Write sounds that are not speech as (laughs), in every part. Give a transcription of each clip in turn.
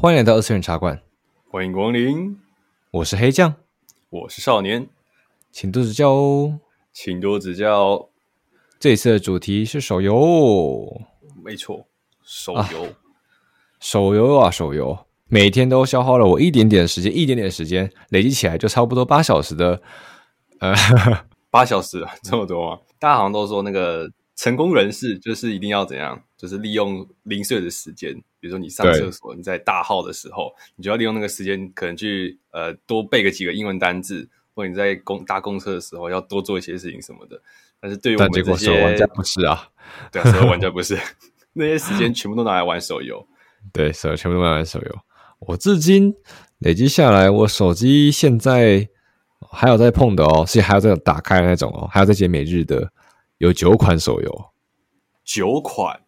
歡迎來到二次元茶館，歡迎光臨。我是黑醬，我是少年，請多指教哦，請多指教。這次的主題是手遊，沒錯，手遊、啊，手遊啊，手遊，每天都消耗了我一點點時間，一點點時間累積起來就差不多八小時的，呃，八小時，這麼多嗎？大家好像都說那個成功人士就是一定要怎樣。就是利用零碎的時間，比如說你上廁所，你在大號的時候，你就要利用那個時間，可能去呃多背個幾個英文單字，或者你在公搭公車的時候，要多做一些事情什麼的。但是對於我們這些玩家不是啊，對啊，所有玩家不是 (laughs) 那些時間全部都拿來玩手遊。對，手遊全部都拿來玩手遊。我至今累積下來，我手機現在還有在碰的哦，是還有在打開的那種哦，還有在解每日的，有九款手遊，九款。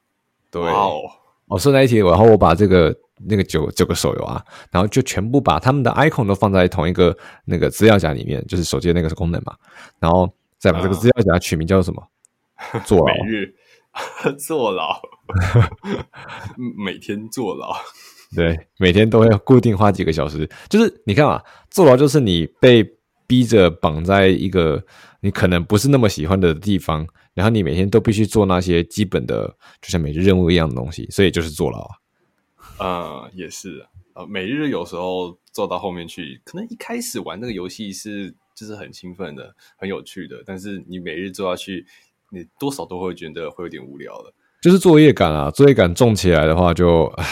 對，wow. 哦，說在一起，然後我把這個那個九九個手遊啊，然後就全部把他們的 icon 都放在同一個那個資料夾裡面，就是手機的那個功能嘛，然後再把這個資料夾取名叫做什麼？Uh. 坐牢？每日坐牢？ (laughs) 每天坐牢？對，每天都要固定花幾個小時，就是你看嘛，啊，坐牢就是你被。逼着綁在一個你可能不是那麼喜歡的地方，然後你每天都必須做那些基本的，就像每日任務一樣的東西，所以就是坐牢。啊、嗯。也是，啊，每日有時候做到後面去，可能一開始玩那個遊戲是就是很興奮的，很有趣的，但是你每日做下去，你多少都會覺得會有點無聊的。就是作業感啊，作業感重起來的話就，就唉，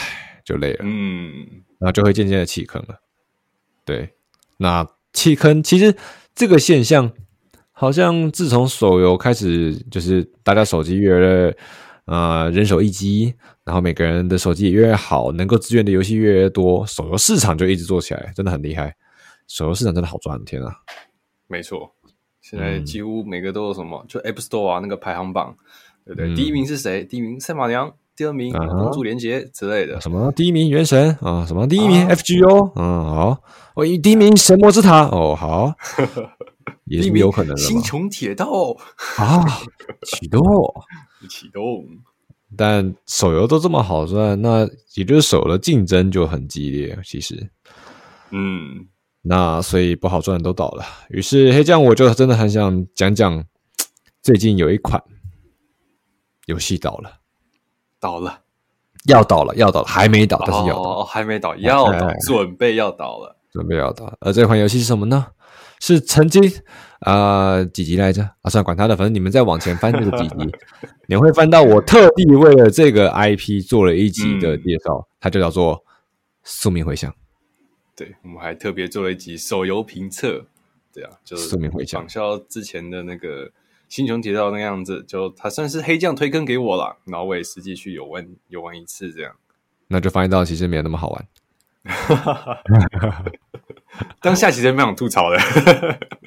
就累了，嗯，那就會漸漸的棄坑了，對，那。棄坑，其實這個現象好像自從手遊開始，就是大家手機越來越，呃，人手一機，然後每個人的手機也越來越好，能夠支援的遊戲越來越多，手遊市場就一直做起來，真的很厲害。手遊市場真的好賺，天啊！沒錯，現在幾乎每個都有什麼，嗯、就 App Store 啊那個排行榜，對對、嗯？第一名是誰？第一名賽馬娘。第二名，龍、啊、助連結之類的。什麼？第一名《原神》啊？什麼？第一名《啊、FGO》？嗯，好。哦，第一名《神魔之塔》哦，好。也是有可能的。星 (laughs) 穹鐵道啊，啟動，啟 (laughs) 動。但手遊都這麼好賺，那也就是手遊的競爭就很激烈。其實，嗯，那所以不好賺都倒了。於是黑醬，我就真的很想講講，最近有一款遊戲倒了。倒了，要倒了，要倒了，還沒倒，但是要倒，哦、還沒倒，要倒、哦，準備要倒了，準備要倒了。而、呃、這款遊戲是什麼呢？是曾經啊幾集來着？啊，算了，管他的，反正你們再往前翻就是幾集， (laughs) 你會翻到我特地為了這個 IP 做了一集的介紹，嗯、它就叫做《宿命回響》。對，我們還特別做了一集手遊評測。對啊，就是《宿命回響》。想起之前的那個。心窮提到那樣子，就他算是黑醬推坑給我了，然後我也實際去遊玩遊玩一次，這樣，那就發現到其實沒有那麼好玩。 (laughs) (laughs) (laughs) 當下其實沒想吐槽的，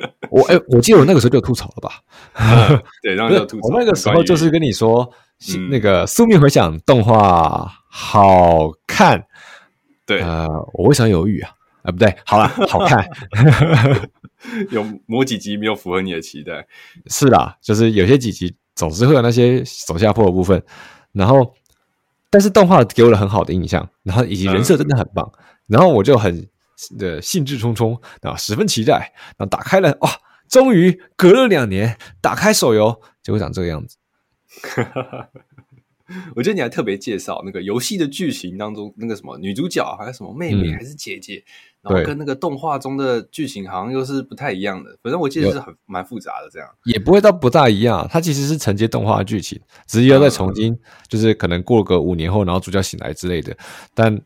(laughs) 我哎、欸，我記得我那個時候就吐槽了吧？ (laughs) 嗯、對，然後就吐槽、嗯。我那個時候就是跟你說，嗯、那個《宿命迴響》動畫好看。對，呃，我為什麼猶豫啊？啊，不對，好了，好看。 (laughs) 有某幾集沒有符合你的期待，是的，就是有些幾集總是會有那些走下坡的部分。然後，但是動畫給我了很好的印象，然後以及人設真的很棒，嗯，然後我就很的興致沖沖啊，然後十分期待。然後打開了，哦，終於隔了兩年，打開手遊就會長這個樣子。 (laughs) 我覺得你還特別介紹那個遊戲的劇情當中那個什麼女主角還是什麼妹妹，嗯，還是姐姐。然後跟那個動畫中的劇情好像又是不太一樣的，反正我記得是很蠻複雜的這樣，也不會到不大一樣，它其實是承接動畫的劇情，只是要再重新、嗯，就是可能過了個五年後，然後主角醒來之類的。但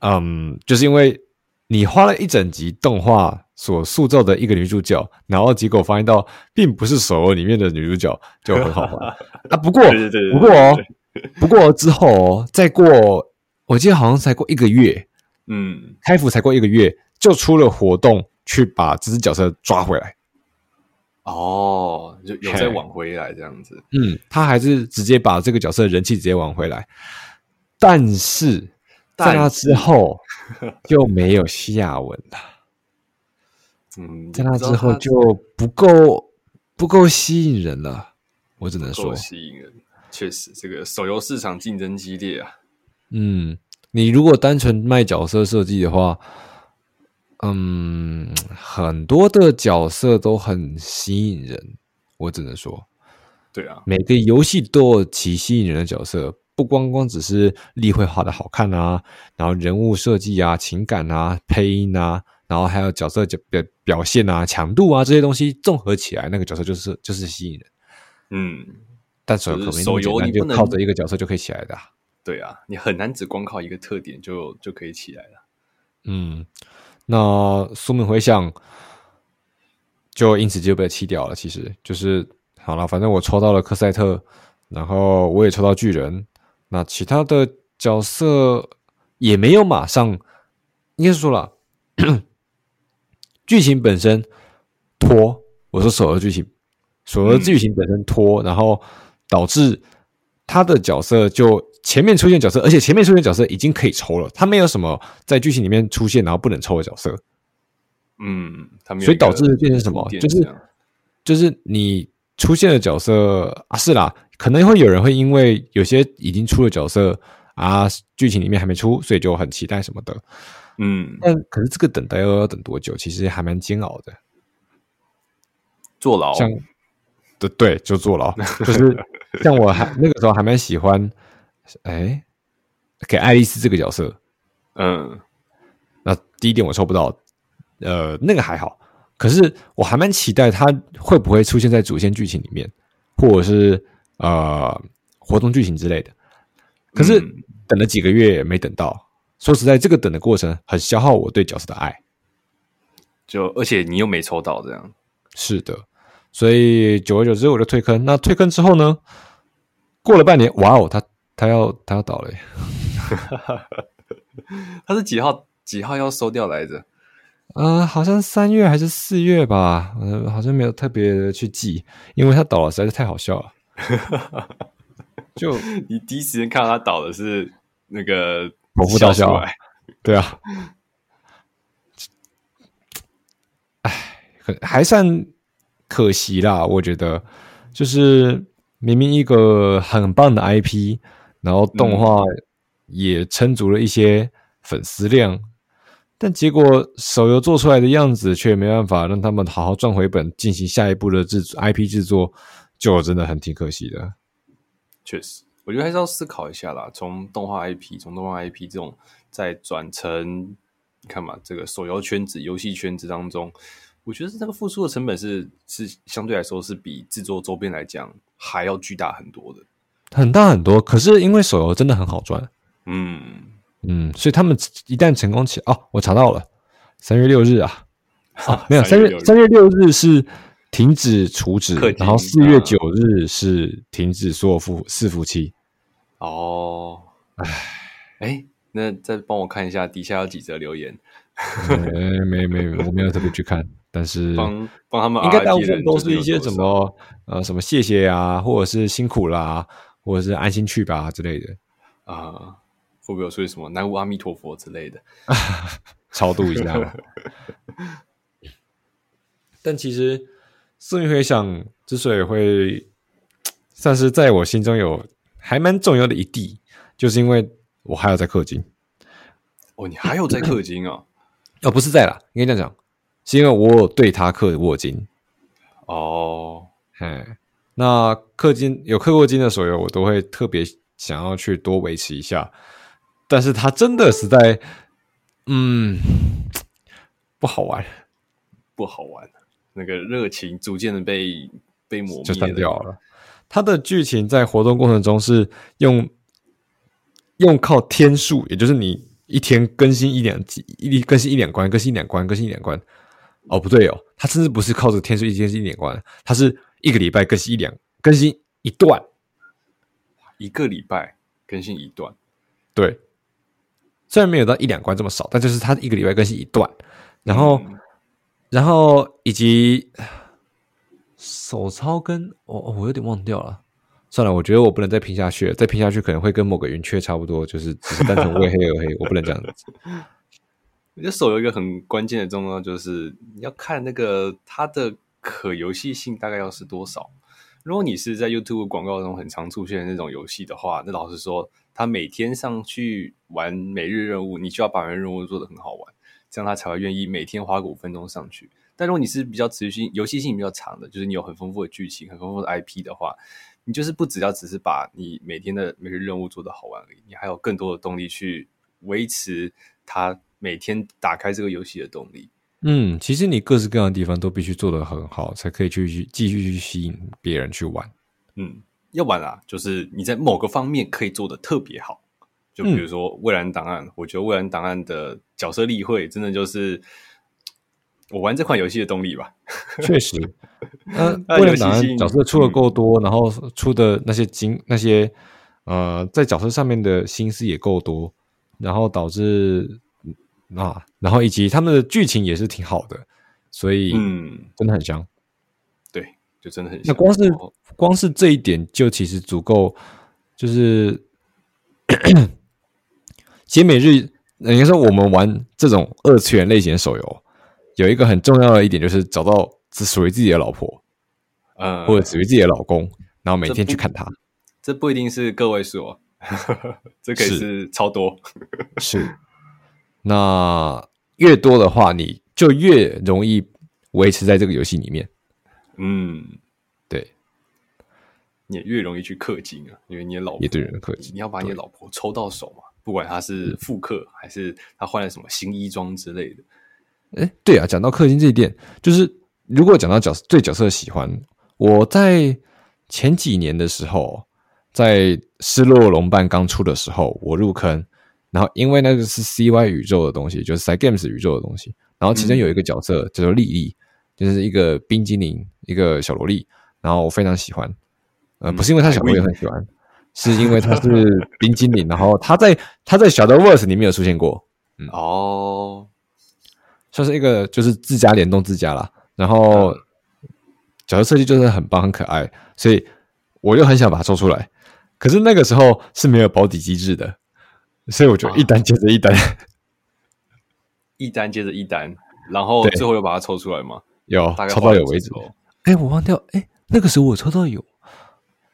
嗯，就是因為你花了一整集動畫所塑造的一個女主角，然後結果發現到並不是手遊裡面的女主角，就很好玩 (laughs) 啊。不過，不過哦，不過之後、哦、再過，我記得好像才過一個月。嗯，開服才過一個月就出了活動，去把這隻角色抓回來。哦，有在挽回來，okay. 這樣子。嗯，他還是直接把這個角色的人氣直接挽回來，但是，但是在那之後又 (laughs) 沒有下文了。嗯，在那之後就不夠不夠吸引人了。我只能說，不夠吸引人確實，這個手遊市場競爭激烈啊。嗯。你如果單純賣角色設計的話，嗯，很多的角色都很吸引人，我只能說，對啊，每個遊戲都有其吸引人的角色，不光光只是立繪畫的好看啊，然後人物設計啊、情感啊、配音啊，然後還有角色表表現啊、強度啊這些東西綜合起來，那個角色就是就是吸引人。嗯，但所有可、就是可能你有，你就靠着一個角色就可以起來的。對啊，你很難只光靠一個特點就就可以起來了。嗯，那宿命迴響就因此就被棄掉了。其實就是好了，反正我抽到了克賽特，然後我也抽到巨人。那其他的角色也沒有馬上，應該是說了 (coughs) 劇情本身拖，我是手遊劇情，手遊劇情本身拖，嗯，然後導致他的角色就。前面出現角色，而且前面出現角色已經可以抽了，他沒有什麼在劇情裡面出現然後不能抽的角色。嗯，他有所以導致變成什麼？啊、就是就是你出現的角色啊，是啦，可能會有人會因為有些已經出了角色啊，劇情裡面還沒出，所以就很期待什麼的。嗯，但可是這個等待又要、要等多久？其實還蠻煎熬的。坐牢？對對，就坐牢。 (laughs) 就是像我還那個時候還蠻喜歡。哎、欸，給愛麗絲這個角色，嗯，那第一點我抽不到，呃，那個還好，可是我還蠻期待他會不會出現在主線劇情裡面，或者是呃活動劇情之類的。可是等了幾個月也沒等到、嗯，說實在，這個等的過程很消耗我對角色的愛。就而且你又沒抽到，這樣。是的，所以久而久之我就退坑。那退坑之後呢？過了半年，哇哦，他。他要他要倒了，欸、 (laughs) 他是幾號幾號要收掉來着？嗯，呃，好像三月還是四月吧，呃。好像沒有特別去記，因為他倒了實在是太好笑了。 (laughs) 就你第一時間看到他倒的是那個，爆笑，對啊。哎，還算可惜啦，我覺得，就是明明一個很棒的 IP。然後動畫也撐足了一些粉絲量，嗯，但結果手遊做出來的樣子卻沒辦法讓他們好好賺回本，進行下一步的制 IP 制作，就真的很挺可惜的。確實，我覺得還是要思考一下啦。從動畫 IP，從動畫 IP 這種再轉成，你看嘛，這個手遊圈子，遊戲圈子當中，我覺得這個付出的成本是是相對來說是比制作周邊來講還要巨大很多的。很大很多，可是因為手遊真的很好賺，嗯嗯，所以他們一旦成功起哦，我查到了，3月6日啊啊啊，三月三月六日啊，沒有三月三月六日是停止儲值，然後四月九日是停止所有服伺服器，哦，哎，欸，那再幫我看一下底下有幾則留言， (laughs) 沒沒沒沒，我沒有特別去看， (laughs) 但是幫幫他們應該大部分都是一些什麼少少呃什麼謝謝啊，或者是辛苦啦，啊。或者是安心去吧之類的啊，會不會有說什麼南無阿彌陀佛之類的， (laughs) 超度一下 (laughs) 但其實，宿命迴響之所以會算是在我心中有還蠻重要的，一地就是因為我還要在氪金。哦，你還有在氪金啊，哦咳咳？哦，不是在啦，應該這樣講，是因為我有對它氪過金。哦，嘿。那氪金有氪過金的手遊，我都會特別想要去多維持一下，但是它真的實在，嗯，不好玩，不好玩。那個熱情逐漸的被被磨滅就斷掉了。它的劇情在活動過程中是用用靠天數，也就是你一天更新一兩集，一，一更新一兩關，更新一兩關，更新一兩關。哦，不對哦，它甚至不是靠着天數一天更新一兩關，它是，一個禮拜更新一兩，更新一段，一個禮拜更新一段，對，雖然沒有到一兩關這麼少，但就是他一個禮拜更新一段，然後，嗯、然後以及手遊跟，我、哦、我有點忘掉了，算了，我覺得我不能再拼下去了，再拼下去可能會跟某個雲雀差不多，就是只是單純為黑而黑， (laughs) 我不能這樣子。我你的手有一個很關鍵的，重要就是你要看那個他的。可遊戲性大概要是多少？如果你是在 YouTube 廣告中很常出現的那種遊戲的話，那老實說，他每天上去玩每日任務，你就要把每日任務做得很好玩，這樣他才會願意每天花個五分鐘上去。但如果你是比較持續性、遊戲性比較長的，就是你有很豐富的劇情、很豐富的 IP 的話，你就是不只要只是把你每天的每日任務做得好玩而已，你還有更多的動力去維持他每天打開這個遊戲的動力。嗯，其實你各式各樣的地方都必須做得很好，才可以繼去繼續去吸引別人去玩。嗯，要玩啊，就是你在某個方面可以做得特別好，就比如說《蔚藍檔案》，嗯，我覺得《蔚藍檔案》的角色立繪真的就是我玩這款遊戲的動力吧。確實，嗯、 (laughs) 呃，《蔚藍檔案》角色出的夠多、嗯，然後出的那些精那些呃，在角色上面的心思也夠多，然後導致。啊，然後以及他們的劇情也是挺好的，所以嗯，真的很香、嗯，對，就真的很香。那光是光是這一點就其實足夠，就是、嗯、其實每日，人家說我們玩這種二次元類型的手遊，有一個很重要的一點就是找到只屬於自己的老婆，呃、嗯，或者屬於自己的老公，然後每天去看他。這不一定是個位數， (laughs) 這可以是超多，是。是那越多的話，你就越容易維持在這個遊戲裡面。嗯，對，你越容易去氪金啊，因為你的老婆也對人氪金，你要把你老婆抽到手嘛，不管她是復刻、嗯、還是她換了什麼新衣裝之類的。哎，對啊，講到氪金這一點，就是如果講到角對角色的喜歡，我在前幾年的時候，在失落龍絆剛出的時候，我入坑。然後，因為那個是 CY 宇宙的東西，就是 Cygames 宇宙的東西。然後，其中有一個角色、嗯、叫做莉莉，就是一個冰精靈，一個小蘿莉。然後我非常喜歡，呃，嗯、不是因為她小蘿莉很喜歡、嗯，是因為她是冰精靈， (laughs) 然後她在她在 Shadowverse 裡面有出現過，嗯，哦，算是一個就是自家聯動自家啦，然後角色設計就是很棒、很可愛，所以我又很想把它抽出來。可是那個時候是沒有保底機制的。所以我就一單接着一單、啊，一單接着一單，然後最後又把它抽出來嘛，有,大概有抽到有為止。哎、欸，我忘掉哎、欸，那個時候我抽到有，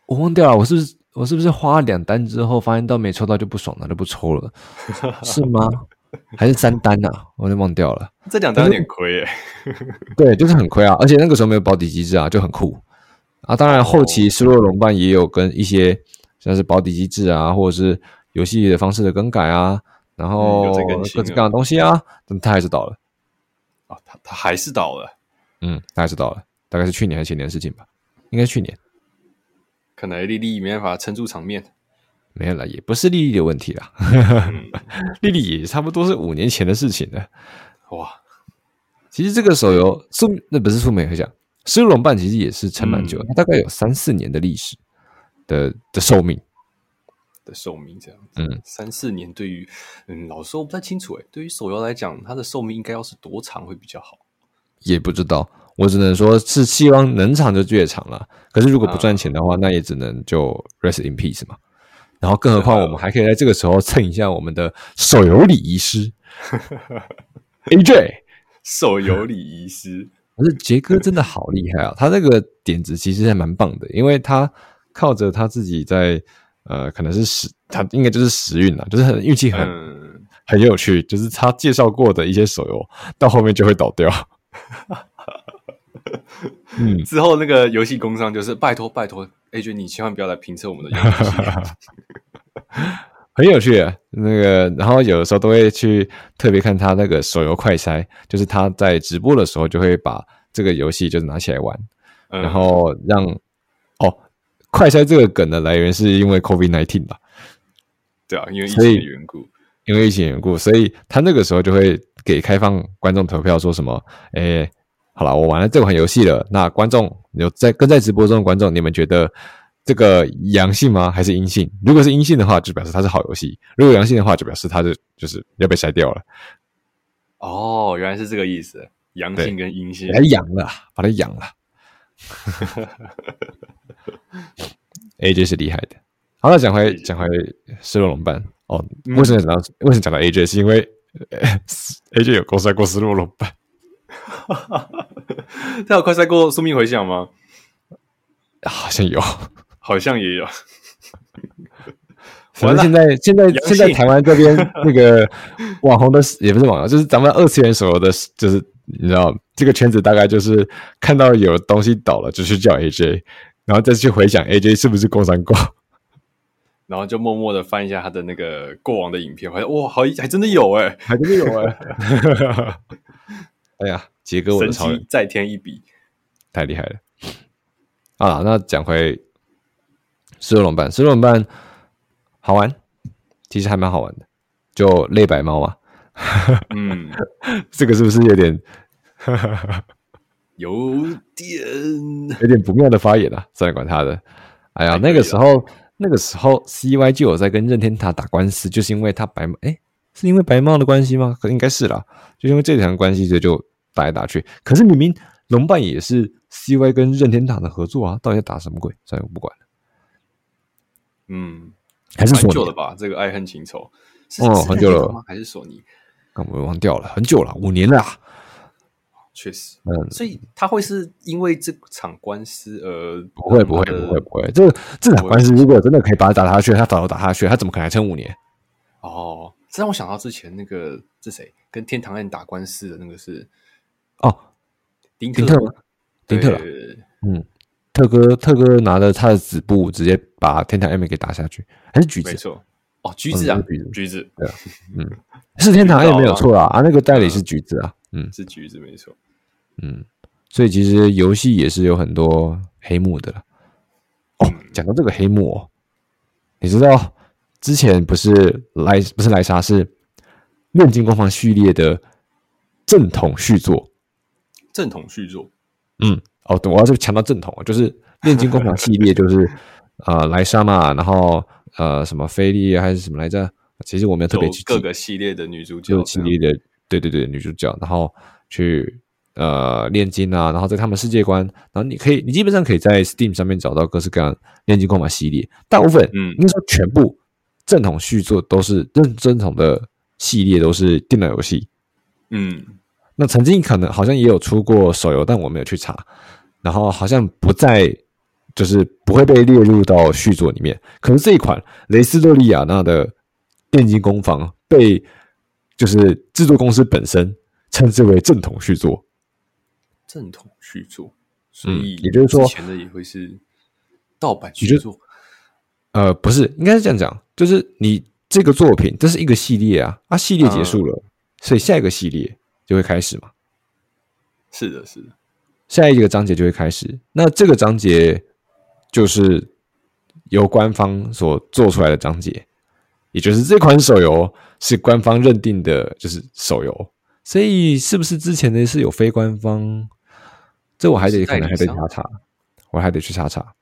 我忘掉了。我是不是我是不是花了兩單之後發現到沒抽到就不爽了就不抽了？ (laughs) 是嗎？還是三單啊？我就忘掉了。 (laughs) 這兩單有點虧哎、欸。對，就是很虧啊，而且那個時候沒有保底機制啊，就很酷啊。當然後期失落龍絆也有跟一些像是保底機制啊，或者是。遊戲的方式的更改啊，然後各種各樣的東西啊，嗯、西啊但他還是倒了啊，他他還是倒了，嗯，他還是倒了，大概是去年還是前年的事情吧，應該是去年。可能莉莉沒辦法撐住場面，沒有啦，也不是莉莉的問題啦， (laughs) (laughs) 莉莉也差不多是五年前的事情了。哇，其實這個手遊壽，那不是壽命可以講，失龍絆其實也是撐蠻久的、嗯，它大概有三四年的歷史的的壽命。嗯嗯的壽命這樣子 3,，嗯，三四年對於嗯，老實說我不太清楚哎、欸。對於手遊來講，它的壽命應該要是多長會比較好？也不知道，我只能說是希望能長就越長了。可是如果不賺錢的話、啊，那也只能就 rest in peace 嘛。然後，更何況我們還可以在這個時候蹭一下我們的手遊禮儀師 (laughs) AJ 手遊禮儀師。可是杰哥真的好厲害啊、哦！他這個點子其實還蠻棒的，因為他靠着他自己在。呃，可能是時他應該就是時運啊，就是運氣很很、嗯、很有趣，就是他介紹過的一些手遊到後面就會倒掉。 (laughs) 嗯，之後那個遊戲工商就是拜託拜託 AJ 你千萬不要來評測我們的遊戲， (laughs) (laughs) 很有趣，啊。那個，然後有的時候都會去特別看他那個手遊快篩，就是他在直播的時候就會把這個遊戲就是拿起來玩，嗯、然後讓。快篩這個梗的來源是因為 COVID-19 吧？對啊，因為疫情的緣故，因為疫情緣故，所以他那個時候就會給開放觀眾投票，說什麼：“哎，好了，我玩了這款遊戲了。那觀眾有在跟在直播中的觀眾，你們覺得這個陽性嗎？還是陰性？如果是陰性的話，就表示它是好遊戲，如果陽性的話，就表示它是就是要被篩掉了。”哦，原來是這個意思，陽性跟陰性，還陽了，把它陽了。哈 (laughs) 哈哈！哈，A J 是厲害的。好了，講回講回失落龍絆哦。為什麼講到、嗯、為什麼講到 A J？是因為 (laughs) A J 有快篩過失落龍絆，哈哈，他有快篩過宿命回響嗎？好像有， (laughs) 好像也有。反 (laughs) 正現在現在現在台灣這邊那個網紅的 (laughs) 也不是網紅，就是咱們二次元手遊的就是。你知道這個圈子大概就是看到有東西倒了，就去叫 AJ，然後再去回想 AJ 是不是工商過，然後就默默的翻一下他的那個過往的影片，發現哇，好，還真的有哎、欸，還真的有哎、欸。 (laughs) (laughs) 哎呀，傑哥我的成績再添一筆，太厲害了！啊，那講回失落龍絆，失落龍絆好玩，其實還蠻好玩的，就類白貓啊。哈哈，嗯，這個是不是有點哈哈哈？ (laughs) 有點有點不妙的發言啊？算了，管他的。哎呀，那個時候那個時候，CY 就有在跟任天堂打官司，就是因為他白貓，哎、欸，是因為白貓的關係嗎？可應該是啦，就因為這條關係，這就打來打去。可是明明龍絆也是 CY 跟任天堂的合作啊，到底要打什麼鬼？所以我不管嗯，還是蠻久的吧？這個愛恨情仇、哦、是、是、哦、很久了嗎？還是索尼？我忘掉了，很久了，五年了、啊。確實，嗯，所以他會是因為這場官司而、呃、不會不會不會不會，這個不會不會這場官司如果真的可以把他打下去，不會不會他早就打下去，他怎麼可能還撐五年？哦，這讓我想到之前那個是誰跟天堂 M 打官司的那個是哦，丁丁特嗎？丁特，對對對對嗯，特哥特哥拿着他的子布直接把天堂 M 給打下去，還是橘子？沒錯。哦，橘子啊、哦橘子，橘子，對啊，嗯，是天堂也沒有錯啦啊，啊，啊，那個代理是橘子啊，嗯，是橘子沒錯，嗯，所以其實遊戲也是有很多黑幕的了。哦，講、嗯、到這個黑幕，哦，你知道之前不是萊不是萊莎是煉金工房系列的正統續作，正統續作，嗯，哦，懂，我要就強調正統、哦，就是煉金工房系列，就是啊萊、 (laughs) 呃、莎嘛，然後。呃，什麼菲利啊，還是什麼來着？其實我沒有特別去各個系列的女主角，就系列的對對對女主角，然後去呃煉金啊，然後在他們世界觀，然後你可以，你基本上可以在 Steam 上面找到各式各樣煉金購買系列，大部分嗯那時候全部正統續作都是正正統的系列都是電腦遊戲，嗯，那曾經可能好像也有出過手遊，但我沒有去查，然後好像不在。就是不會被列入到續作裡面。可是這一款《雷斯多利亞納的鍊金工坊》被就是製作公司本身稱之為正統續作。正統續作，所以、嗯，也就是說以前的也會是盜版續作。呃，不是，應該是這樣講，就是你這個作品這是一個系列啊，啊，系列結束了、呃，所以下一個系列就會開始嘛。是的，是的，下一個章節就會開始。那這個章節。就是由官方所做出來的章節，也就是這款手遊是官方認定的，就是手遊。所以，是不是之前的是有非官方？這我還得可能還得查查，我還得去查查。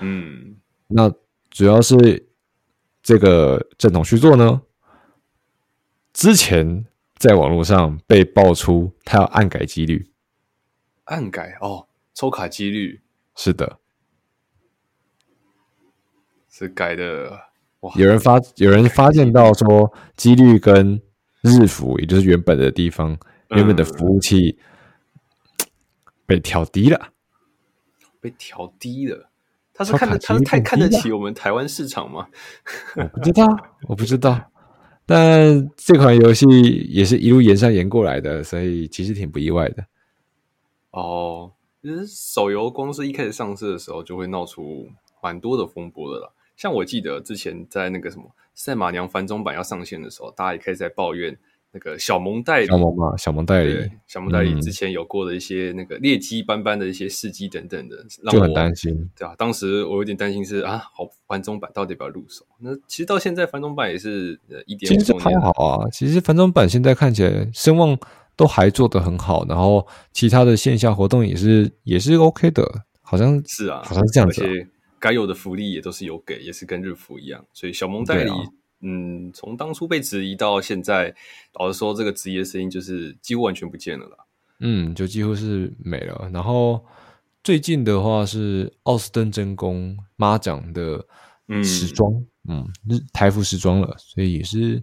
嗯，那主要是這個正統續作呢，之前在網絡上被爆出他要暗改幾率，暗改哦，抽卡幾率，是的。這改的哇，有人發有人發現到說，幾率跟日服，也就是原本的地方，嗯、原本的服務器被調低了，被調低了。他是看得他是太看得起我們台灣市場嗎？我不知道，我不知道。 (laughs) 但這款遊戲也是一路沿上延過來的，所以其實挺不意外的。哦，其實手遊公司一開始上市的時候，就會鬧出蠻多的風波的啦。像我記得之前在那個什麼賽馬娘繁中版要上線的時候，大家也開始在抱怨那個小萌、啊、代理，小萌嘛，小萌代理，小萌代理之前有過的一些那個劣跡斑斑的一些事蹟等等的，讓我就很擔心，對啊，當時我有點擔心是啊，好，繁中版到底要不要入手？那其實到現在繁中版也是一點，其實還好啊，其實繁中版現在看起來聲望都還做得很好，然後其他的線下活動也是也是 OK 的，好像是啊，好像是這樣子、啊。該有的福利也都是有給，也是跟日服一樣。所以小萌代理、啊，嗯，從當初被質疑到現在，老實說，這個質疑的聲音就是幾乎完全不見了啦。嗯，就幾乎是沒了。然後最近的話是奧斯登真宮媽講的時裝、嗯，嗯，日台服時裝了，所以也是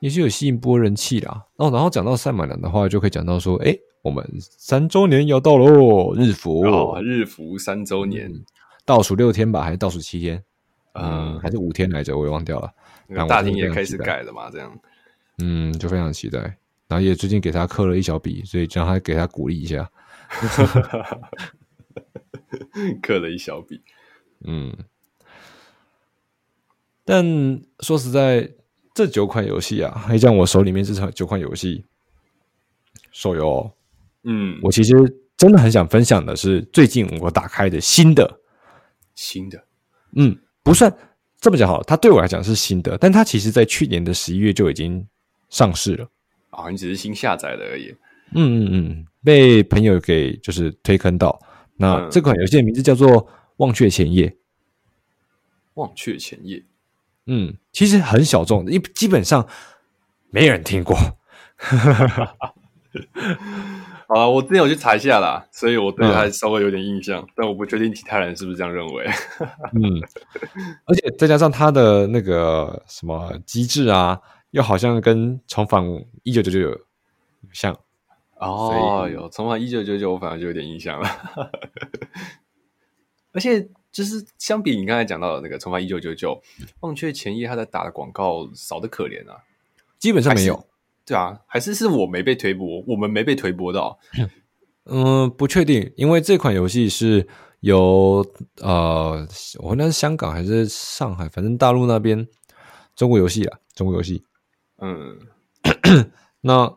也是有吸引波人氣啦、哦。然後講到賽馬娘的話，就可以講到說，哎、欸，我們三周年要到嘍！日服、哦、日服三周年。嗯倒數六天吧，還是倒數七天嗯？嗯，還是五天來着，我也忘掉了。然、嗯、後大廳也開始改了嘛，這樣，嗯，就非常期待。嗯、然後也最近給他課了一小筆，所以讓他給他鼓勵一下，課 (laughs) (laughs) 了一小筆。嗯，但說實在，這九款遊戲啊，還像我手裡面這九款遊戲，手遊，嗯，我其實真的很想分享的是，最近我打開的新的。新的，嗯，不算這麼講，好它對我來講是新的，但它其實在去年的十一月就已經上市了。啊、哦，你只是新下載的而已。嗯嗯嗯，被朋友給就是推坑到。那、嗯、這款遊戲的名字叫做《忘卻前夜》。忘卻前夜。嗯，其實很小眾，一基本上沒人聽過。哈哈哈。好，我之前有去查一下啦，所以我對他稍微有點印象，嗯、但我不確定其他人是不是這樣認為。 (laughs) 嗯，而且再加上他的那個什麼機制啊，又好像跟《重返一九九九》像。哦，有《重返一九九九》，我反而就有點印象了。 (laughs) 而且，就是相比你剛才講到的那個《重返一九九九》，忘卻前夜，他在打的廣告少得可憐啊，基本上沒有。對啊，還是是我沒被推播，我們沒被推播到，哦。嗯，不確定，因為這款遊戲是由呃，我那是香港還是上海，反正大陸那邊中國遊戲啊，中國遊戲。嗯， (coughs) 那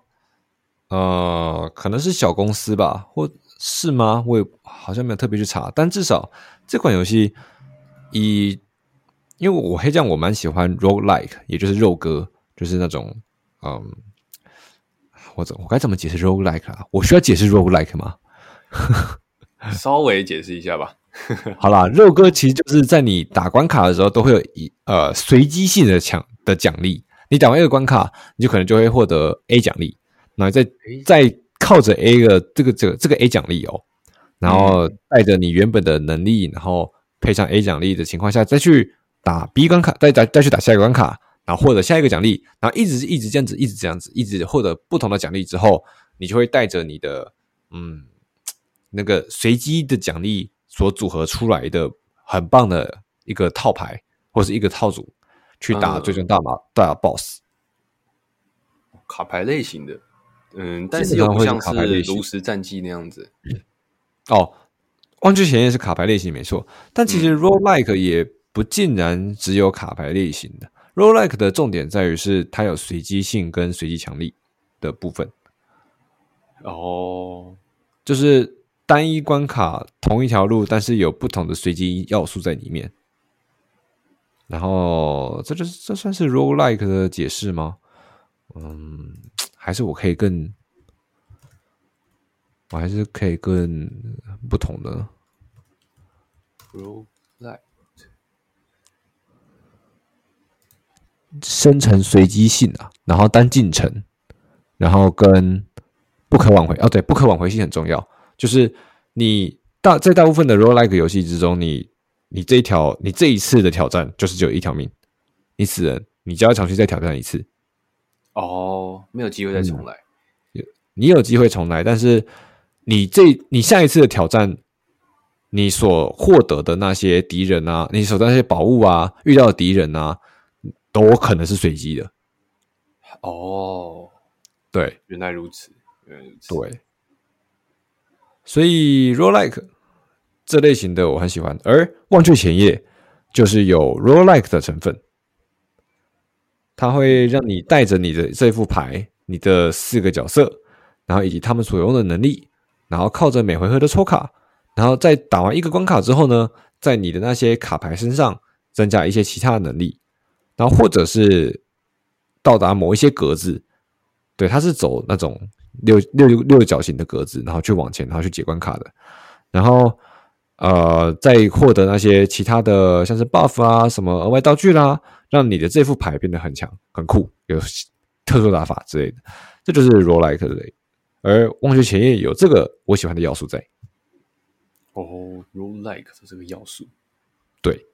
呃，可能是小公司吧，或是嗎？我也好像沒有特別去查，但至少這款遊戲以因為我黑醬，我蠻喜歡 Roguelike，也就是肉鴿，就是那種嗯。或者我該怎麼解釋 Roguelike 啊？我需要解釋 Roguelike 嗎？ (laughs) 稍微解釋一下吧。 (laughs) 好啦，肉哥其實就是在你打關卡的時候都會有一呃隨機性的獎的獎勵。你打完一個關卡，你就可能就會獲得 A 獎勵。那在在靠着 A 的這個這個這個 A 獎勵哦，然後帶着你原本的能力，然後配上 A 獎勵的情況下，再去打 B 關卡，再再再去打下一個關卡。然後獲得下一個獎勵，然後一直是一直這樣子，一直這樣子，一直獲得不同的獎勵之後，你就會帶着你的嗯那個隨機的獎勵所組合出來的很棒的一個套牌，或是一個套組去打最終大馬、嗯、大 BOSS 卡牌類型的，嗯，但是又不像是爐石戰記那樣子、嗯、哦。忘卻前夜是卡牌類型沒錯，但其實 Roguelike 也不盡然只有卡牌類型的。Roguelike 的重點在於是它有隨機性跟隨機強力的部分，哦，就是單一關卡同一條路，但是有不同的隨機要素在裡面。然後，這就是這算是 Roguelike 的解釋嗎？嗯，還是我可以更，我還是可以更不同的。生成隨機性啊，然後單進程，然後跟不可挽回哦，啊、對，不可挽回性很重要。就是你大在大部分的 Roguelike 遊戲之中，你你這一條你這一次的挑戰就是只有一條命，你死了，你就要重新再挑戰一次。哦，沒有機會再重來。嗯，你有機會重來，但是你這你下一次的挑戰，你所獲得的那些敵人啊，你所帶的那些寶物啊，遇到的敵人啊。我可能是隨機的哦，對，原來如此，對，所以 Roguelike 這類型的我很喜歡，而《忘卻前夜》就是有 Roguelike 的成分，它會讓你帶着你的這副牌、你的四個角色，然後以及他們所用的能力，然後靠着每回合的抽卡，然後在打完一個關卡之後呢，在你的那些卡牌身上增加一些其他的能力。然後，或者是到達某一些格子，對，它是走那種六六六六角形的格子，然後去往前，然後去解關卡的。然後，呃，再獲得那些其他的，像是 buff 啊、什麼額外道具啦、啊，讓你的這副牌變得很強、很酷，有特殊打法之類的。這就是 Roguelike 的雷，而忘卻前夜有這個我喜歡的要素在。哦 Roguelike 這個要素，對。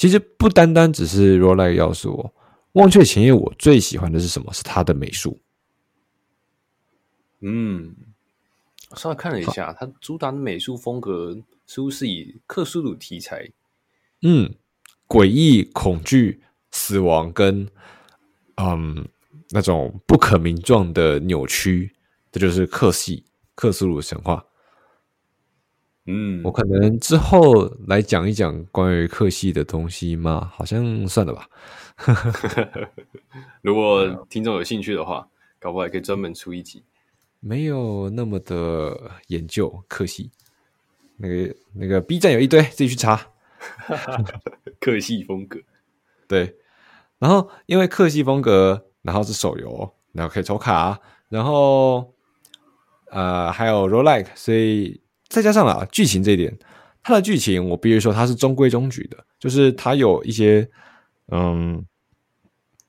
其實不單單只是 Roguelike 要素，《忘卻前夜》我最喜歡的是什麼？是他的美術。嗯，我稍微看了一下，他主打的美術風格似乎是以克蘇魯題材。嗯，詭異、恐懼、死亡跟，嗯，那種不可名狀的扭曲，這就是克系克蘇魯神話。嗯，我可能之後來講一講關於克系的東西嗎？好像算了吧。 (laughs) (laughs) 如果聽眾有興趣的話，搞不好也可以專門出一集。沒有那麼的研究克系，那個那個 B 站有，一堆自己去查。克 (laughs) (laughs) 系風格，對。然後因為克系風格，然後是手遊，然後可以抽卡，然後呃還有 Roguelike，所以。再加上了啊，劇情，這一點，它的劇情我必須說它是中規中矩的，就是它有一些嗯，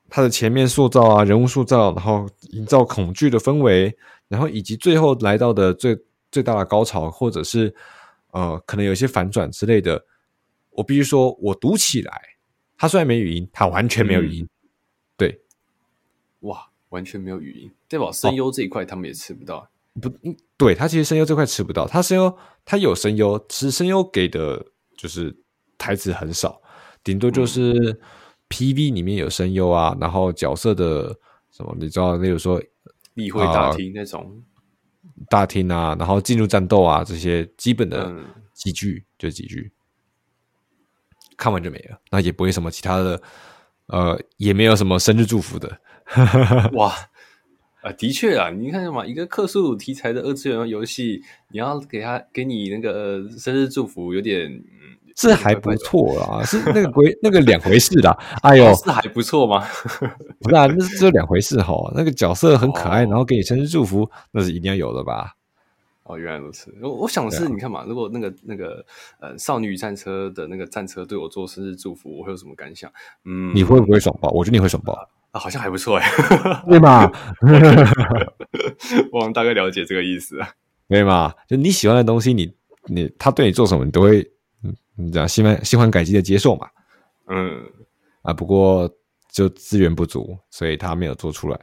它的前面塑造啊，人物塑造，然後營造恐懼的氛圍，然後以及最後來到的最最大的高潮，或者是呃，可能有一些反轉之類的。我必須說，我讀起來，它雖然沒語音，它完全沒有語音、嗯，對，哇，完全沒有語音，對吧，聲優、哦、這一塊他們也吃不到。不，對他其實聲優這塊吃不到，他聲優他有聲優，其實聲優給的就是台詞很少，頂多就是 PV 裡面有聲優啊、嗯，然後角色的什麼，你知道，例如說例會大廳那種、呃、大廳啊，然後進入戰鬥啊這些基本的幾句、嗯、就幾句，看完就沒了，那也不會什麼其他的，呃，也沒有什麼生日祝福的， (laughs) 哇。啊，的確啊，你看嘛，一個克蘇魯題材的二次元遊戲，你要給他給你那個、呃、生日祝福，有點、嗯，這還不錯啦、嗯、是那個兩 (laughs) 那個兩回事的。哎呦，還是還不錯嘛 (laughs) 不是、啊，那是兩回事哈。那個角色很可愛、哦，然後給你生日祝福，那是一定要有的吧？哦，原來如此。我我想是、啊，你看嘛，如果那個那個呃，少女戰車的那個戰車對我做生日祝福，我會有什麼感想？嗯，你會不會爽爆？我覺得你會爽爆。啊啊，好像還不錯哎、欸，對 (laughs) 哈是嗎， (laughs) 我們大概了解這個意思啊，對吧？就你喜歡的東西你，你你他對你做什麼，你都會嗯，這樣心懷、心懷感激地接受嘛，嗯，啊，不過就資源不足，所以他沒有做出來，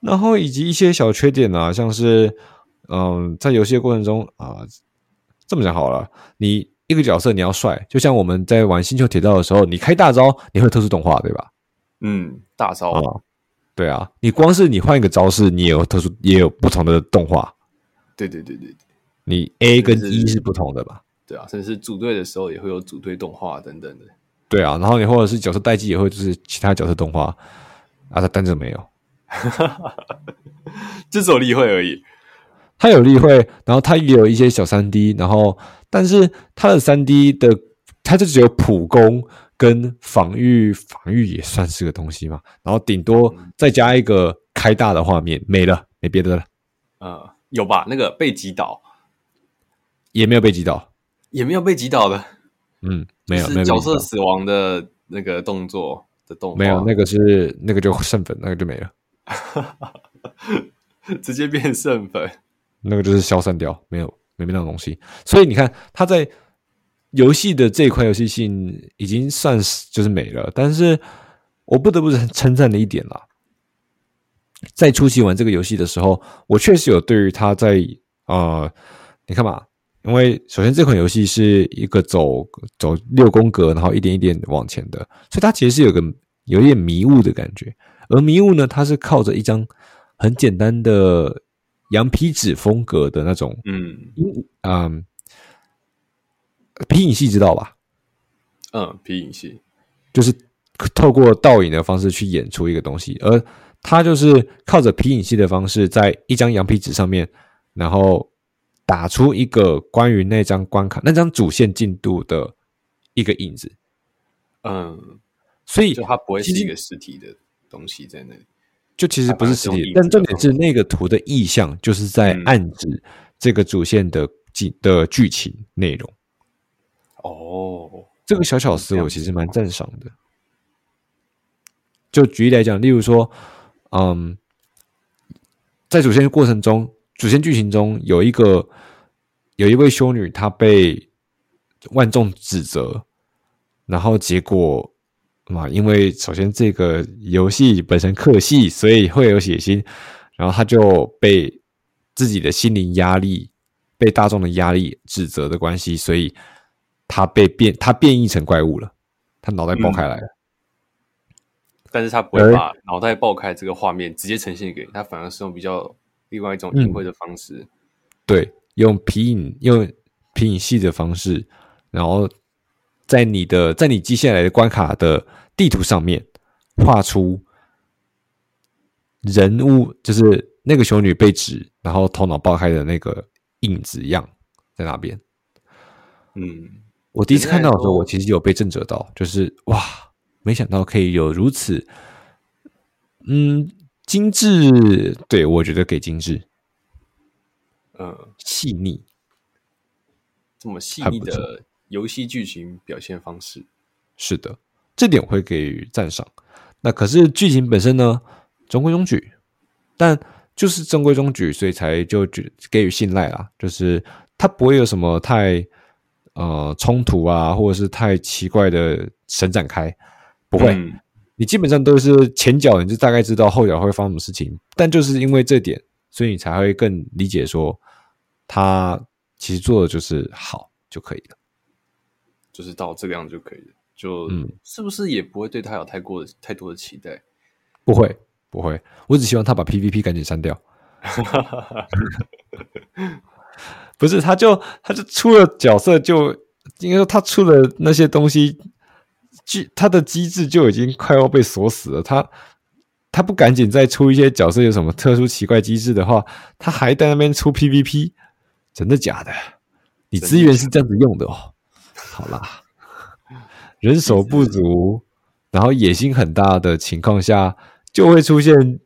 然後以及一些小缺點呢、啊，像是嗯、呃，在遊戲的過程中啊、呃，這麼講好了，你一個角色你要帥，就像我們在玩《星球鐵道》的時候，你開大招，你會特殊動畫，對吧？嗯，大招啊，對啊，你光是你換一個招式，你也有特殊，也有不同的動畫。對對對對對，你 A 跟 E 是，是不同的吧？對啊，甚至是組隊的時候也會有組隊動畫等等的。對啊，然後你或者是角色待機也會就是其他角色動畫啊，他單人沒有，哈哈哈，是有立繪而已。他有立繪，然後他也有一些小三 D，然後但是他的三 D 的他就只有普攻。跟防禦防禦也算是個東西嘛，然後頂多再加一個開大的畫面，沒了，沒別的了。啊、呃，有吧？那個被擊倒，也沒有被擊倒，也沒有被擊倒的。嗯，沒有，沒有、就是、角色死亡的那個動作的動，沒有那個是那個就剩粉，那個就沒了， (laughs) 直接變剩粉，那個就是消散掉，沒有，沒那種東西。所以你看他在。遊戲的這一款遊戲性已經算是就是美了，但是我不得不稱讚了一點啦。在初期玩這個遊戲的時候，我確實有對於它在呃，你看吧，因為首先這款遊戲是一個走走六宮格，然後一點一點往前的，所以它其實是有個有一點迷霧的感覺。而迷霧呢，它是靠着一張很簡單的羊皮紙風格的那種，嗯，嗯。皮影戲知道吧？嗯，皮影戲就是透過倒影的方式去演出一個東西，而它就是靠着皮影戲的方式，在一張羊皮紙上面，然後打出一個關於那張關卡、那張主線進度的一個影子。嗯，所以它不會是一個實體的東西在那裡，就其實不是實體它它的，但重點是那個圖的意象，就是在暗指這個主線的劇、嗯、的劇情內容。哦，這個小巧思我其實蠻讚賞的。就舉例來講，例如說，嗯，在主線過程中，主線劇情中有一個有一位修女，她被萬眾指責，然後結果嘛，因為首先這個遊戲本身克系，所以會有血腥，然後她就被自己的心理壓力、被大眾的壓力指責的關係，所以。他被變，他變異成怪物了，他腦袋爆開來了、嗯。但是他不會把腦袋爆開這個畫面直接呈現給你，欸、它反而是用比較另外一種隱晦的方式、嗯，對，用皮影用皮影戲的方式，然後在你的在你接下來的關卡的地圖上面畫出人物，就是那個修女被指然後頭腦爆開的那個影子樣在那邊，嗯。我第一次看到的時候，我其實有被震懾到，就是哇，沒想到可以有如此，嗯，精緻。對我覺得給精緻，嗯、呃，細膩，這麼細膩的遊戲劇情表現方式，是的，這點我會給予讚賞。那可是劇情本身呢，中規中矩，但就是中規中矩，所以才就給予信賴啦，就是它不會有什麼太。呃，衝突啊，或者是太奇怪的神展開，不會、嗯。你基本上都是前腳你就大概知道後腳會發生什麼事情，但就是因為這點，所以你才會更理解說他其實做的就是好就可以了，就是到這個樣子就可以了。就，是不是也不會對他有太過的、嗯、太多的期待？不會，不會。我只希望他把 PVP 趕緊刪掉。 (laughs) (laughs) 不是，他就他就出了角色就，就應該說他出的那些東西，就他的機制就已經快要被鎖死了。他他不趕緊再出一些角色有什麼特殊奇怪機制的話，他還在那邊出 PVP，真的假的？你資源是這樣子用的哦。好啦，人手不足，然後野心很大的情況下，就會出現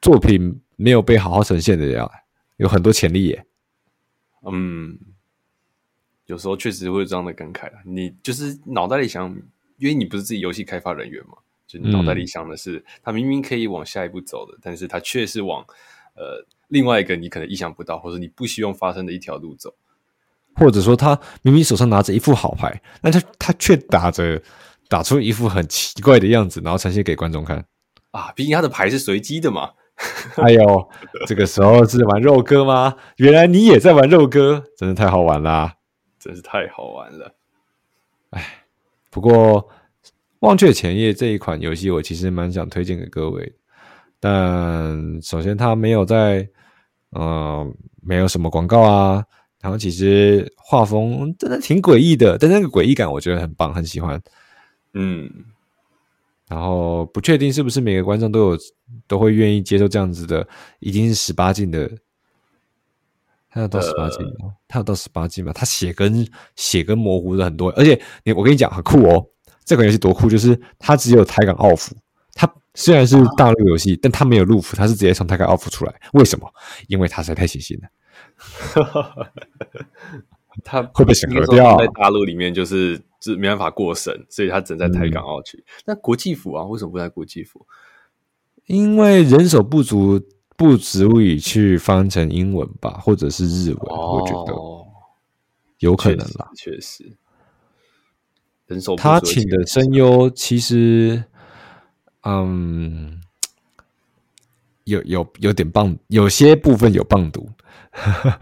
作品沒有被好好呈現的呀，有很多潛力耶。嗯，有時候確實會有這樣的感慨、啊。你就是腦袋裡想，因為你不是自己遊戲開發人員嘛，就你腦袋裡想的是、嗯，他明明可以往下一步走的，但是他卻是往呃另外一個你可能意想不到，或者你不希望發生的一條路走。或者說，他明明手上拿着一副好牌，但他他卻打着打出一副很奇怪的樣子，然後呈現給觀眾看。啊，畢竟他的牌是隨機的嘛。 (laughs) 哎呦，這個時候是玩肉鴿嗎？原來你也在玩肉鴿，真的太好玩啦、啊！真是太好玩了。哎，不過《忘卻前夜》這一款遊戲，我其實蠻想推薦給各位，但首先，它沒有在……嗯、呃，沒有什麼廣告啊。然後，其實畫風真的挺詭異的，但那個詭異感我覺得很棒，很喜歡。嗯。然後不確定是不是每個觀眾都有都會願意接受這樣子的，已經是十八禁的，他要到十八禁、呃，他有到十八禁嗎？他血跟血跟模糊的很多的，而且你我跟你講很酷哦、嗯，這款遊戲多酷，就是他只有台港澳服，他雖然是大陸遊戲，啊、但他沒有陸服，他是直接從台港澳服出來。為什麼？因為他實在太血腥了。 (laughs) 他會被審核掉，在大陸裡面就是。是沒辦法過審，所以他只能在台港澳區，嗯。那國際服啊，為什麼不在國際服？因為人手不足，不足以去翻成英文吧，或者是日文。哦、我覺得有可能啦，確實，確實人手不足，他請的聲優，其實嗯，有有有點棒，有些部分有棒讀， (laughs)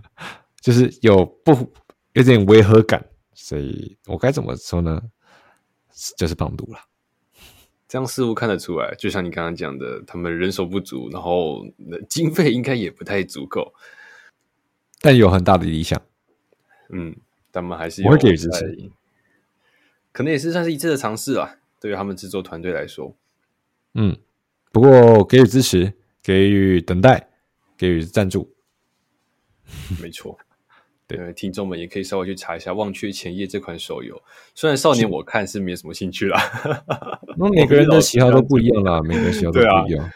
就是有不有點違和感。所以我該怎麼說呢？就是棒讀了。這樣似乎看得出來，就像你剛剛講的，他們人手不足，然後經費應該也不太足夠，但有很大的理想。嗯，他們還是有，我會給予支持，可能也是算是一次的嘗試了，對於他們製作團隊來說。嗯，不過給予支持，給予等待，給予贊助， (laughs) 沒錯。對，聽眾們也可以稍微去查一下《忘卻前夜》這款手遊。雖然少年我看是沒有什麼興趣啦，哈哈，那每個人的喜好都不一樣啦，每個人喜好都不一樣，啊。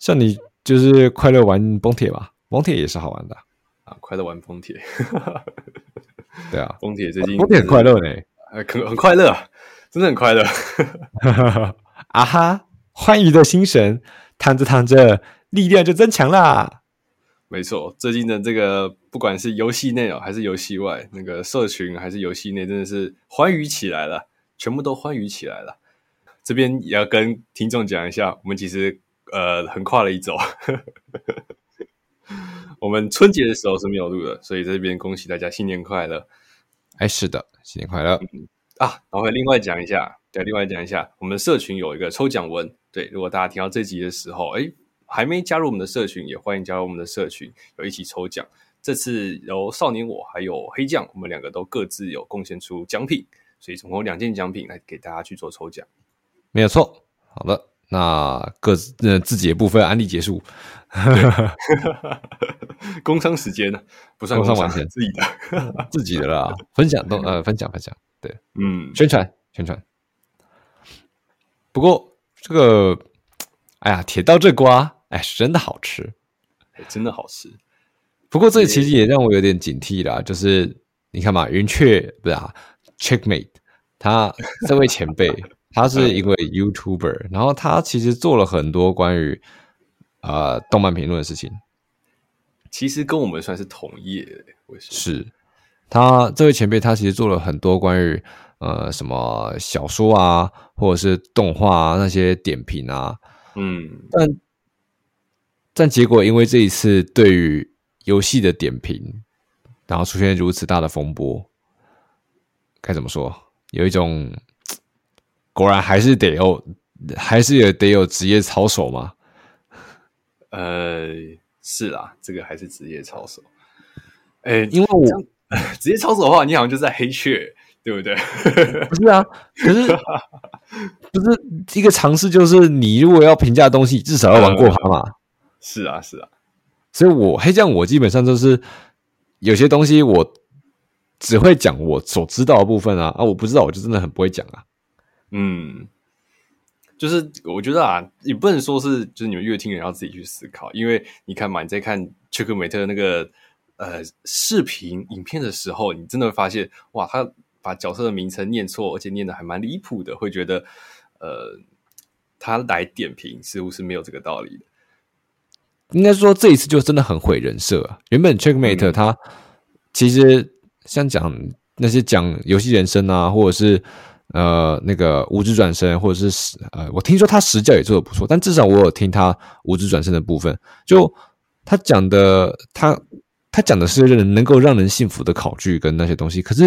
像你就是快樂玩崩鐵吧，崩鐵也是好玩的啊！快樂玩崩鐵，哈哈哈。對啊，崩鐵最近崩鐵很快樂呢，很，嗯、很快樂，真的很快樂。哈哈哈。啊哈，歡愉的心神，躺着躺着力量就增強啦，嗯。沒錯，最近的這個。不管是遊戲內還是遊戲外，那個社群還是遊戲內，真的是歡愉起來了，全部都歡愉起來了。這邊也要跟聽眾講一下，我們其實呃橫跨了一周， (laughs) 我們春節的時候是沒有錄的，所以這邊恭喜大家新年快樂！哎，是的，新年快樂啊！然後另外講一下，對，另外講一下，我們社群有一個抽獎文，對，如果大家聽到這集的時候，哎、欸，還沒加入我們的社群，也歡迎加入我們的社群，有一起抽獎。這次由少年我還有黑醬，我們兩個都各自有貢獻出獎品，所以總共有兩件獎品來給大家去做抽獎。沒有錯，好的，那各自、呃、自己的部分安利結束。 (laughs) (laughs) 工商時間呢？不算工商。工商完全自己的 (laughs) 自己的了、啊，分享都呃，分享分享，對，嗯，宣傳宣傳。不過這個，哎呀，鐵道這瓜、啊、哎是真的好吃，真的好吃。欸不過這其實也讓我有點警惕了、欸，就是你看嘛，雲雀不是啊，Checkmate，他這位前輩， (laughs) 他是一位 YouTuber，然後他其實做了很多關於啊、呃、動漫評論的事情，其實跟我們算是同業、欸、我是,是他這位前輩，他其實做了很多關於呃什麼小說啊，或者是動畫、啊、那些點評啊，嗯，但但結果因為這一次對於遊戲的點評，然後出現如此大的風波，該怎麼說？有一種，果然還是得有，還是得有職業操守嘛？呃，是啊，這個還是職業操守。欸，因為我職業操守的話，你好像就在黑雀，對不對？不是啊，可是 (laughs) 不是一個嘗試，就是你如果要評價東西，至少要玩過它嘛？呃，是啊，是啊。所以我，我黑醬，我基本上就是有些東西，我只會講我所知道的部分啊啊！我不知道，我就真的很不會講啊。嗯，就是我覺得啊，也不能說是就是你們閱聽人要自己去思考，因為你看嘛，你在看崔克美特那個呃視頻影片的時候，你真的會發現哇，他把角色的名稱念錯，而且念得還蠻離譜的，會覺得呃，他來點評似乎是沒有這個道理的。應該說這一次就真的很毀人設啊！原本 Checkmate 他其實像講那些講遊戲人生啊，或者是呃那個無職轉生，或者是呃我聽說他實教也做得不錯，但至少我有聽他無職轉生的部分，就他講的他他講的是能夠讓人信服的考據跟那些東西，可是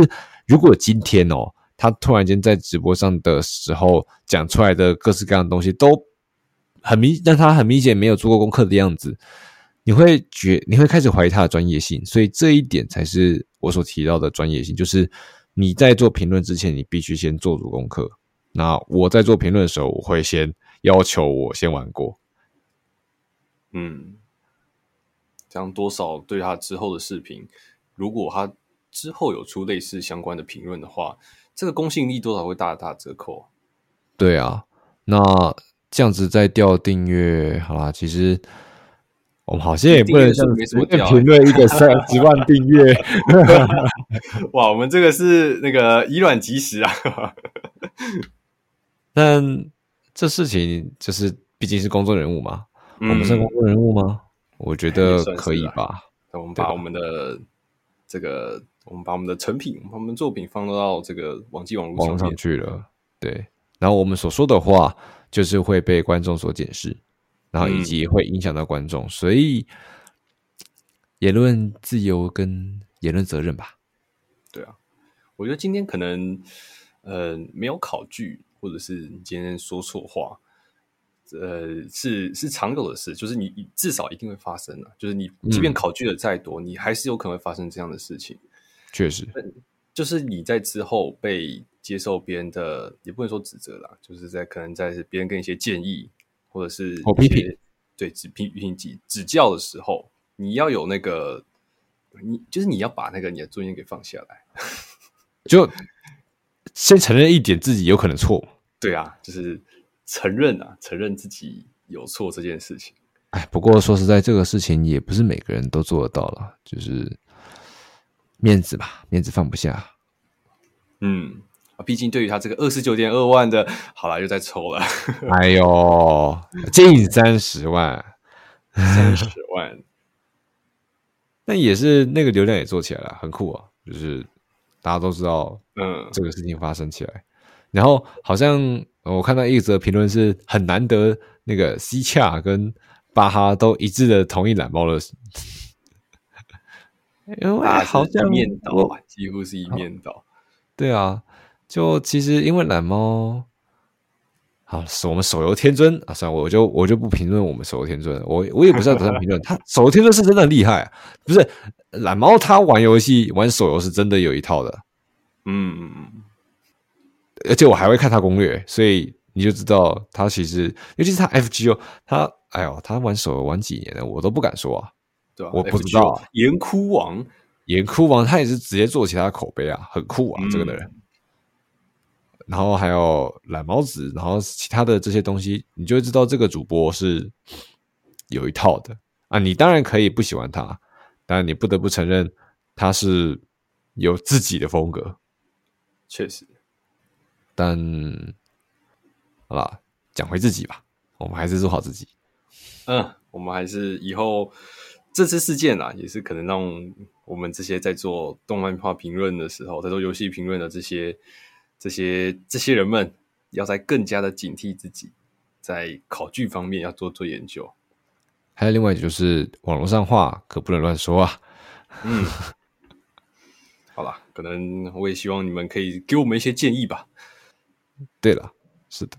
如果今天哦，他突然間在直播上的時候講出來的各式各樣的東西都。很明，但他很明顯沒有做過功課的樣子，你會覺你會開始懷疑他的專業性，所以這一點才是我所提到的專業性，就是你在做評論之前，你必須先做足功課。那我在做評論的時候，我會先要求我先玩過，嗯，這樣多少對他之後的視頻，如果他之後有出類似相關的評論的話，這個公信力多少會大打折扣。對啊，那。這樣子再掉訂閱，好啦。其實我們好像也不能是，我評論一個三十萬訂閱， (laughs) 哇！我們這個是那個以卵擊石啊。 (laughs) 但這事情就是，畢竟是公眾人物嘛。嗯、我們是公眾人物嗎、嗯？我覺得可以吧。那我們把我們的這個，我們把我們的成品、我們，把我們的作品放到到這個網際網絡上去了。對，然後我們所說的話。就是會被觀眾所解釋然後，以及會影響到觀眾、嗯，所以言論自由跟言論責任吧。對啊，我覺得今天可能呃沒有考據，或者是你今天說錯話，呃是是常有的事，就是你至少一定會發生的、啊，就是你即便考據的再多、嗯，你還是有可能會發生這樣的事情。確實，就是你在之後被。接受別人的，也不能說指責啦，就是在可能在別人給一些建議或者是、哦、批評，對指批評指指教的時候，你要有那個，你就是你要把那個你的尊嚴給放下來， (laughs) 就先承認一點自己有可能錯。對啊，就是承認啊，承認自己有錯這件事情。哎，不過說實在，這個事情也不是每個人都做得到了，就是面子吧，面子放不下。嗯。啊，畢竟對於他這個二十九點二萬的，好了，又在抽了。 (laughs) 哎呦，近三十萬，三 (laughs) 十萬，那也是那個流量也做起來了，很酷啊！就是大家都知道，嗯，這個事情發生起來、嗯。然後好像我看到一則評論是很難得，那個西洽跟巴哈都一致的同意爛爆了，因 (laughs) 為、哎啊、好像一面倒，幾乎是一面倒，對啊。就其實因為懶貓，好，我們手遊天尊啊，算了，我就我就不評論我們手遊天尊了，我我也不知道怎麼評論他。手遊天尊是真的厲害，不是懶貓他玩遊戲玩手遊是真的有一套的，嗯，而且我還會看他攻略，所以你就知道他其實尤其是他 FGO，他哎呦，他玩手遊玩幾年了，我都不敢說啊，對啊，我不知道，岩窟王，岩窟王他也是直接做其他口碑啊，很酷啊，嗯，這個的人。然後還有懶毛子，然後其他的這些東西，你就會知道這個主播是有一套的啊。你當然可以不喜歡他，但你不得不承認他是有自己的風格。確實，但好了，講回自己吧，我們還是做好自己。嗯，我們還是以後這次事件啊，也是可能讓我們這些在做動漫畫評論的時候，在做遊戲評論的這些。這些這些人們要再更加的警惕自己，在考據方面要做做研究，還有另外就是網絡上話可不能亂說啊。嗯， (laughs) 好了，可能我也希望你們可以給我們一些建議吧。對了，是的，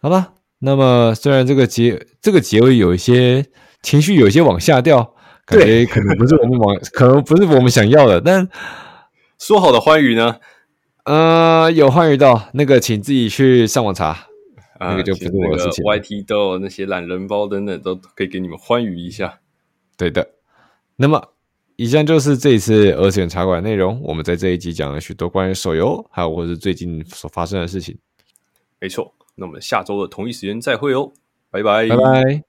好了，那麼雖然這個結這個結尾有一些情緒，有一些往下掉，對，感覺可能不是我們往， (laughs) 可能不是我們想要的，但說好的歡愉呢？呃，有歡愉到，那個請自己去上網查，啊、那個就不是我的事情。YT 豆、那些懶人包等等，都可以給你們歡愉一下。對的，那麼以上就是這一次二次元茶館內容。我們在這一集講了許多關於手遊，還有或是最近所發生的事情。沒錯，那我們下周的同一時間再會哦，拜拜，拜拜。